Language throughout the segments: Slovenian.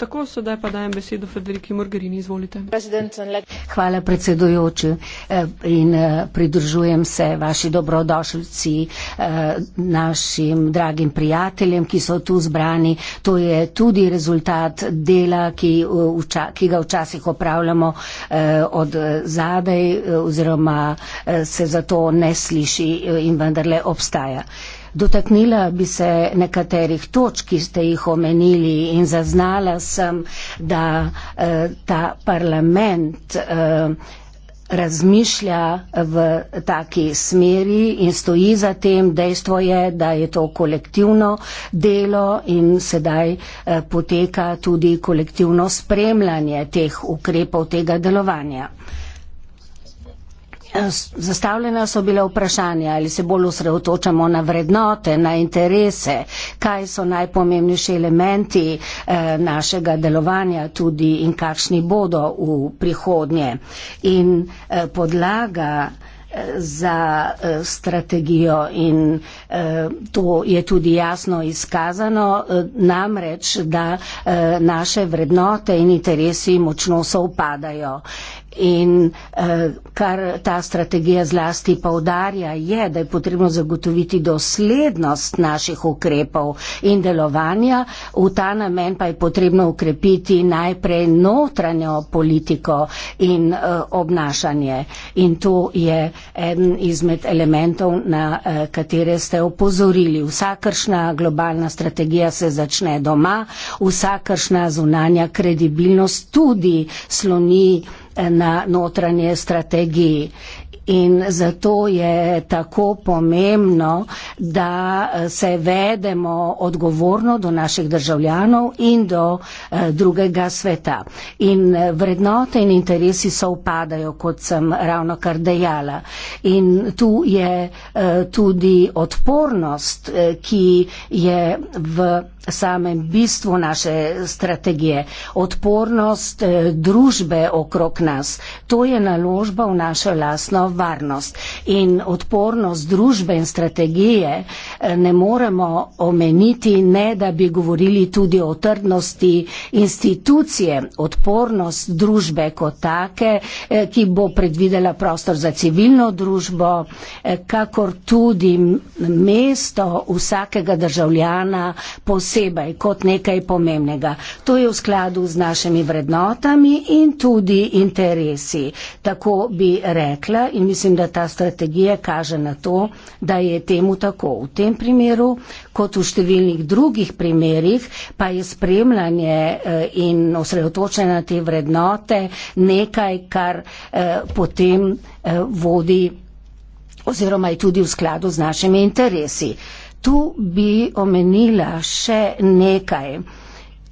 Tako, sedaj pa dajem besedo Frederiki Morgerini, izvolite. Hvala predsedujoči e, in e, pridružujem se vaši dobrodošljici, e, našim dragim prijateljem, ki so tu zbrani. To je tudi rezultat dela, ki, vča, ki ga včasih opravljamo od zadaj oziroma se zato ne sliši in vendarle obstaja. Dotaknila bi se nekaterih točk, ki ste jih omenili in zaznala sem, da eh, ta parlament eh, razmišlja v taki smeri in stoji za tem. Dejstvo je, da je to kolektivno delo in sedaj eh, poteka tudi kolektivno spremljanje teh ukrepov, tega delovanja. Eh, Eh, zastavljena so bila vprašanja, ali se bolj osredotočamo na vrednote, na interese, kaj so najpomembnejši elementi eh, našega delovanja tudi in kakšni bodo v prihodnje. In eh, podlaga eh, za eh, strategijo in eh, to je tudi jasno izkazano, eh, namreč, da eh, naše vrednote in interesi močno sovpadajo. In eh, kar ta strategija zlasti povdarja, je, da je potrebno zagotoviti doslednost naših ukrepov in delovanja. V ta namen pa je potrebno ukrepiti najprej notranjo politiko in eh, obnašanje. In to je en izmed elementov, na eh, katere ste opozorili. Vsakršna globalna strategija se začne doma, vsakršna zunanja kredibilnost tudi sloni na notranje strategiji in zato je tako pomembno, da eh, se vedemo odgovorno do naših državljanov in do eh, drugega sveta. In eh, vrednote in interesi so upadajo, kot sem ravno kar dejala. In tu je tudi odpornost, ki je v samem bistvu naše strategije, odpornost družbe okrog nas. To je naložba v našo lasno vrednost varnost in odpornost družbe in strategije eh, ne moremo omeniti, ne da bi govorili tudi o trdnosti institucije, odpornost družbe kot take, eh, ki bo predvidela prostor za civilno družbo, eh, kakor tudi mesto vsakega državljana posebej kot nekaj pomembnega. To je v skladu z našimi vrednotami in tudi interesi. Tako bi rekla in mislim, da ta strategija kaže na to, da je temu tako v tem primeru, kot v številnih drugih primerjih, pa je spremljanje eh, in osredotočenje na te vrednote nekaj, kar eh, potem eh, vodi oziroma je tudi v skladu z našimi interesi. Tu bi omenila še nekaj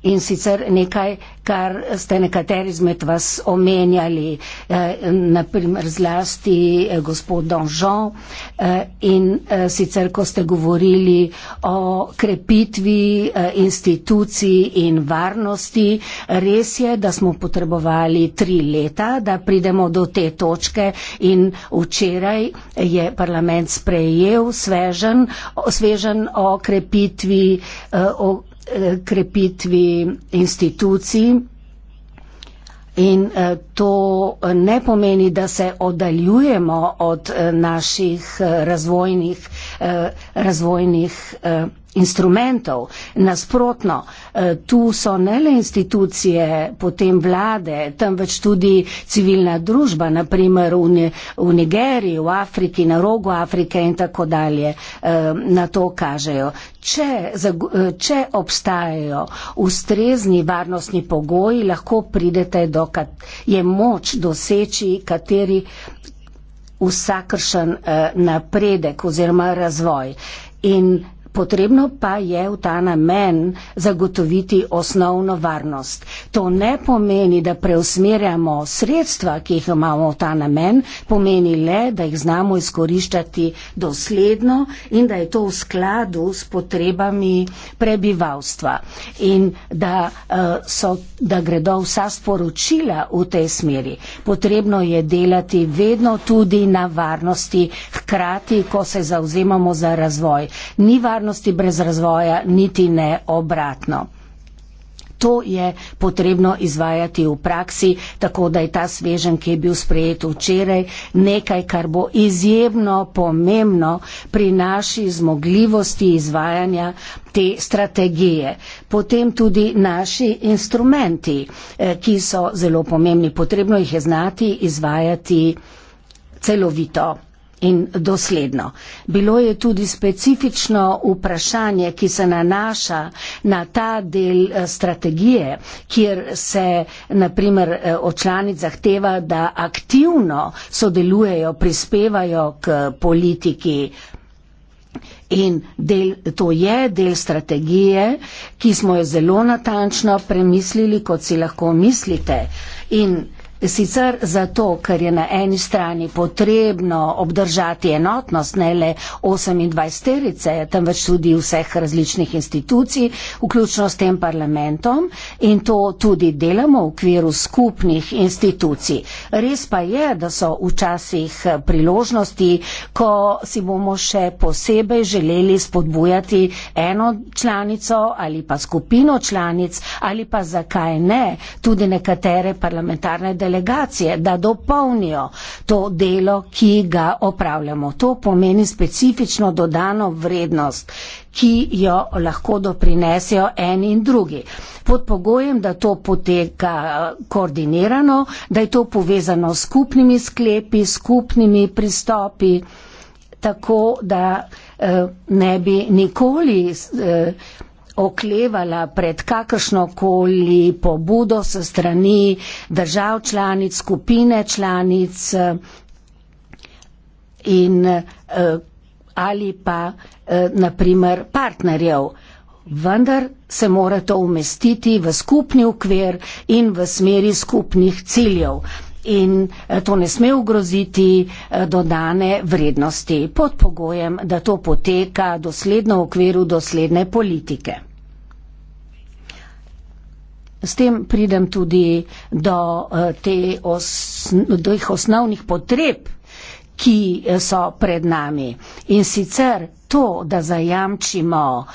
in sicer nekaj kar ste nekateri izmed vas omenjali, eh, naprimer zlasti eh, gospod Donžon eh, in sicer, ko ste govorili o krepitvi institucij in varnosti, res je, da smo potrebovali tri leta, da pridemo do te točke in včeraj je parlament sprejel svežen, svežen o krepitvi, o krepitvi institucij In eh, to ne pomeni, da se oddaljujemo od eh, naših eh, razvojnih, razvojnih instrumentov. Nasprotno, eh, tu so ne le institucije, potem vlade, temveč tudi civilna družba, naprimer v, v Nigeriji, v Afriki, na rogu Afrike in tako dalje, eh, na to kažejo. Če, eh, če obstajajo ustrezni varnostni pogoji, lahko pridete do, kad je moč doseči kateri vsakršen napredek oziroma razvoj. In Potrebno pa je v ta namen zagotoviti osnovno varnost. To ne pomeni, da preusmerjamo sredstva, ki jih imamo v ta namen, pomeni le, da jih znamo izkoriščati dosledno in da je to v skladu s potrebami prebivalstva in da, eh, so, da gredo vsa sporočila v tej smeri. Potrebno je delati vedno tudi na varnosti, hkrati, ko se zauzemamo za razvoj. Ni varnost, varnosti brez razvoja, niti ne obratno. To je potrebno izvajati v praksi, tako da je ta svežen, ki je bil sprejet včeraj, nekaj, kar bo izjemno pomembno pri naši zmogljivosti izvajanja te strategije. Potem tudi naši instrumenti, eh, ki so zelo pomembni, potrebno jih je znati izvajati celovito in dosledno. Bilo je tudi specifično vprašanje, ki se nanaša na ta del eh, strategije, kjer se naprimer eh, očlanic zahteva, da aktivno sodelujejo, prispevajo k politiki. In del, to je del strategije, ki smo jo zelo natančno premislili, kot si lahko mislite. In Sicer zato, ker je na eni strani potrebno obdržati enotnost ne le 28 terice, temveč tudi vseh različnih institucij, vključno s tem parlamentom in to tudi delamo v okviru skupnih institucij. Res pa je, da so včasih priložnosti, ko si bomo še posebej želeli spodbujati eno članico ali pa skupino članic ali pa zakaj ne tudi nekatere parlamentarne države delegacije, da dopolnijo to delo, ki ga opravljamo. To pomeni specifično dodano vrednost, ki jo lahko doprinesejo eni in drugi. Pod pogojem, da to poteka eh, koordinirano, da je to povezano s skupnimi sklepi, skupnimi pristopi, tako da eh, ne bi nikoli. Eh, oklevala pred kakršnokoli pobudo se strani držav članic, skupine članic in eh, ali pa eh, naprimer partnerjev. Vendar se mora to umestiti v skupni okvir in v smeri skupnih ciljev. In eh, to ne sme ogroziti dodane vrednosti pod pogojem, da to poteka dosledno v okviru dosledne politike. S tem pridem tudi do, eh, te os, do teh osnovnih potreb, ki eh, so pred nami. In sicer to, da zajamčimo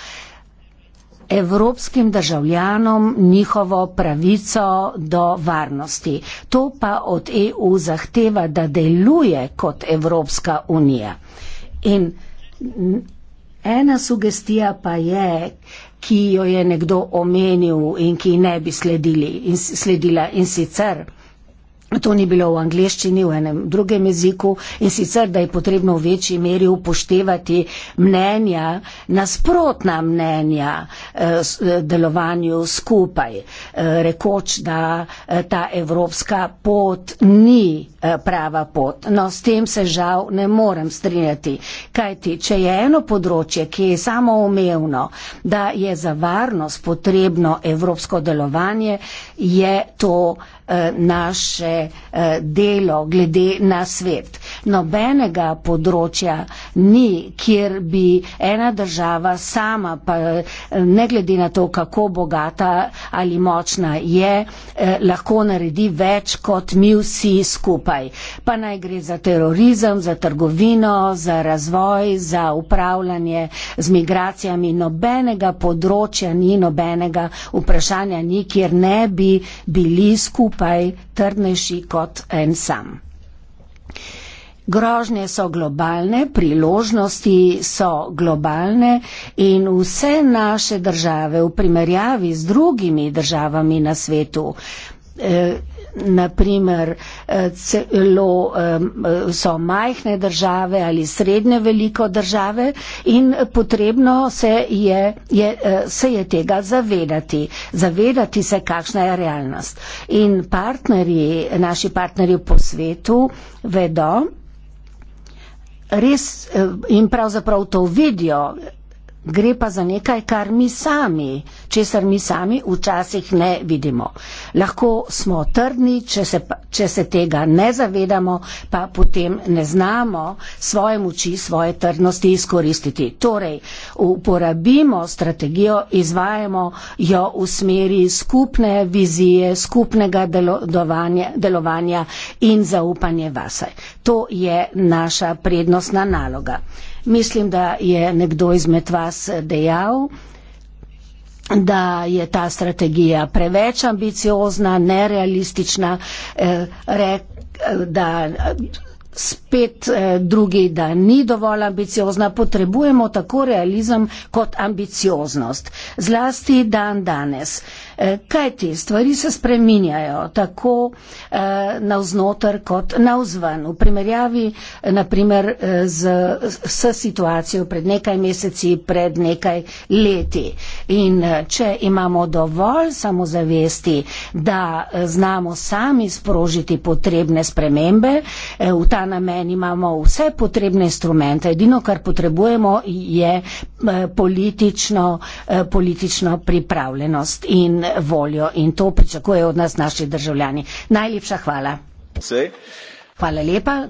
evropskim državljanom njihovo pravico do varnosti. To pa od EU zahteva, da deluje kot Evropska unija. In ena sugestija pa je, ki jo je nekdo omenil in ki ne bi sledili in sledila in sicer. To ni bilo v angliščini, v enem drugem jeziku in sicer, da je potrebno v večji meri upoštevati mnenja, nasprotna mnenja eh, eh, delovanju skupaj, eh, rekoč, da ta evropska pot ni prava pot. No, s tem se žal ne morem strinjati, kajti, če je eno področje, ki je samo omevno, da je za varnost potrebno evropsko delovanje, je to naše Eh, delo glede na svet. Nobenega področja ni, kjer bi ena država sama, pa eh, ne glede na to, kako bogata ali močna je, eh, lahko naredi več kot mi vsi skupaj. Pa naj gre za terorizem, za trgovino, za razvoj, za upravljanje z migracijami. Nobenega področja ni, nobenega vprašanja ni, kjer ne bi bili skupaj trdnejši boljši kot en sam. Grožnje so globalne, priložnosti so globalne in vse naše države v primerjavi z drugimi državami na svetu eh, naprimer eh, celo so majhne države ali srednje veliko države in potrebno se je, je, eh, se je tega zavedati, zavedati se, kakšna je realnost. In partnerji, naši partnerji po svetu vedo, res eh, in pravzaprav to vidijo, gre pa za nekaj, kar mi sami, česar mi sami včasih ne vidimo. Lahko smo trdni, če se, če se tega ne zavedamo, pa potem ne znamo svoje moči, svoje trdnosti izkoristiti. Torej, uporabimo strategijo, izvajamo jo v smeri skupne vizije, skupnega delovanja, delovanja in zaupanja vase. To je naša prednostna naloga. Mislim, da je nekdo izmed vas dejal, da je ta strategija preveč ambiciozna, nerealistična, eh, da spet eh, drugi, da ni dovolj ambiciozna, potrebujemo tako realizem kot ambicioznost. Zlasti dan danes. Eh, kaj ti stvari se spreminjajo tako eh, navznotr kot navzven. V primerjavi naprimer eh, z, s situacijo pred nekaj meseci, pred nekaj leti. In če imamo dovolj samozavesti, da znamo sami sprožiti potrebne spremembe, v ta namen imamo vse potrebne instrumente. Edino, kar potrebujemo, je politično, politično pripravljenost. In voljo in to pričakujejo od nas naši državljani. Najlepša hvala. Hvala lepa.